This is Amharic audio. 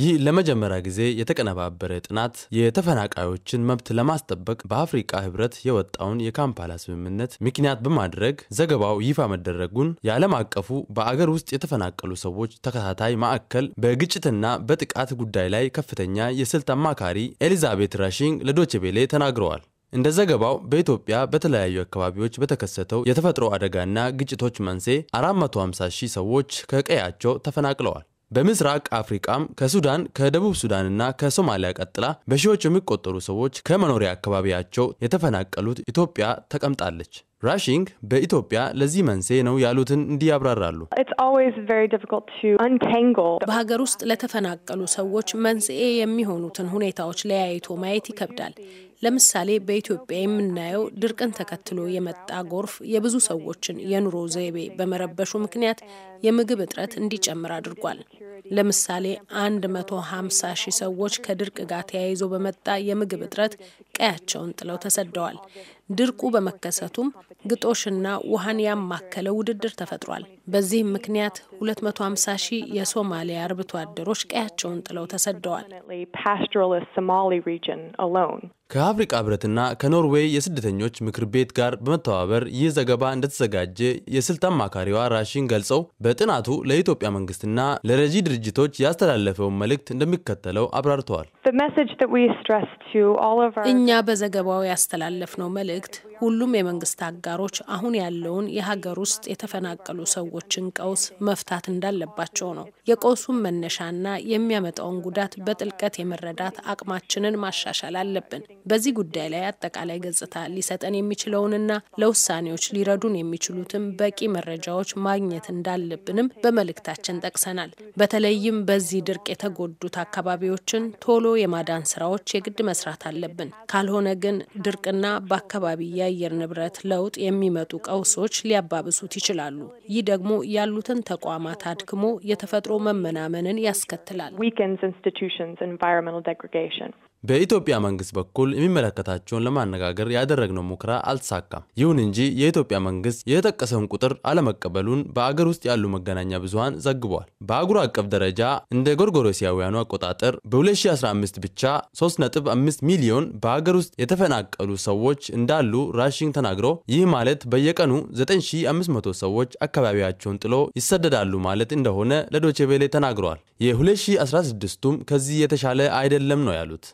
ይህ ለመጀመሪያ ጊዜ የተቀነባበረ ጥናት የተፈናቃዮችን መብት ለማስጠበቅ በአፍሪቃ ህብረት የወጣውን የካምፓላ ስምምነት ምክንያት በማድረግ ዘገባው ይፋ መደረጉን የዓለም አቀፉ በአገር ውስጥ የተፈናቀሉ ሰዎች ተከታታይ ማዕከል በግጭትና በጥቃት ጉዳይ ላይ ከፍተኛ የስልት አማካሪ ኤሊዛቤት ራሽንግ ለዶችቤሌ ተናግረዋል። እንደ ዘገባው በኢትዮጵያ በተለያዩ አካባቢዎች በተከሰተው የተፈጥሮ አደጋና ግጭቶች መንሴ 450 ሺህ ሰዎች ከቀያቸው ተፈናቅለዋል። በምስራቅ አፍሪቃም ከሱዳን ከደቡብ ሱዳንና ከሶማሊያ ቀጥላ በሺዎች የሚቆጠሩ ሰዎች ከመኖሪያ አካባቢያቸው የተፈናቀሉት ኢትዮጵያ ተቀምጣለች። ራሽንግ በኢትዮጵያ ለዚህ መንስኤ ነው ያሉትን እንዲህ ያብራራሉ። በሀገር ውስጥ ለተፈናቀሉ ሰዎች መንስኤ የሚሆኑትን ሁኔታዎች ለያይቶ ማየት ይከብዳል። ለምሳሌ በኢትዮጵያ የምናየው ድርቅን ተከትሎ የመጣ ጎርፍ የብዙ ሰዎችን የኑሮ ዘይቤ በመረበሹ ምክንያት የምግብ እጥረት እንዲጨምር አድርጓል። ለምሳሌ 150 ሺህ ሰዎች ከድርቅ ጋር ተያይዞ በመጣ የምግብ እጥረት ቀያቸውን ጥለው ተሰደዋል። ድርቁ በመከሰቱም ግጦሽና ውሃን ያማከለ ውድድር ተፈጥሯል። በዚህም ምክንያት 250 ሺህ የሶማሊያ አርብቶ አደሮች ቀያቸውን ጥለው ተሰደዋል። ከአፍሪቃ ህብረትና ከኖርዌይ የስደተኞች ምክር ቤት ጋር በመተባበር ይህ ዘገባ እንደተዘጋጀ የስልት አማካሪዋ ራሽን ገልጸው በጥናቱ ለኢትዮጵያ መንግስትና ለረጂ ድርጅቶች ያስተላለፈውን መልእክት እንደሚከተለው አብራርተዋል። እኛ በዘገባው ያስተላለፍነው መልእክት ሁሉም የመንግስት አጋሮች አሁን ያለውን የሀገር ውስጥ የተፈናቀሉ ሰዎችን ቀውስ መፍታት እንዳለባቸው ነው። የቀውሱን መነሻና የሚያመጣውን ጉዳት በጥልቀት የመረዳት አቅማችንን ማሻሻል አለብን። በዚህ ጉዳይ ላይ አጠቃላይ ገጽታ ሊሰጠን የሚችለውንና ለውሳኔዎች ሊረዱን የሚችሉትን በቂ መረጃዎች ማግኘት እንዳለብንም በመልእክታችን ጠቅሰናል። በተለይም በዚህ ድርቅ የተጎዱት አካባቢዎችን ቶሎ የማዳን ስራዎች የግድ መስራት አለብን። ካልሆነ ግን ድርቅና በአካባቢ የአየር ንብረት ለውጥ የሚመጡ ቀውሶች ሊያባብሱት ይችላሉ። ይህ ደግሞ ያሉትን ተቋማት አድክሞ የተፈጥሮ መመናመንን ያስከትላል። በኢትዮጵያ መንግስት በኩል የሚመለከታቸውን ለማነጋገር ያደረግነው ሙከራ አልተሳካም። ይሁን እንጂ የኢትዮጵያ መንግስት የተጠቀሰውን ቁጥር አለመቀበሉን በአገር ውስጥ ያሉ መገናኛ ብዙሃን ዘግቧል። በአህጉር አቀፍ ደረጃ እንደ ጎርጎሮሲያውያኑ አቆጣጠር በ2015 ብቻ 3.5 ሚሊዮን በአገር ውስጥ የተፈናቀሉ ሰዎች እንዳሉ ራሽን ተናግሮ ይህ ማለት በየቀኑ 9500 ሰዎች አካባቢያቸውን ጥሎ ይሰደዳሉ ማለት እንደሆነ ለዶቼ ቬሌ ተናግረዋል። የ2016ቱም ከዚህ የተሻለ አይደለም ነው ያሉት።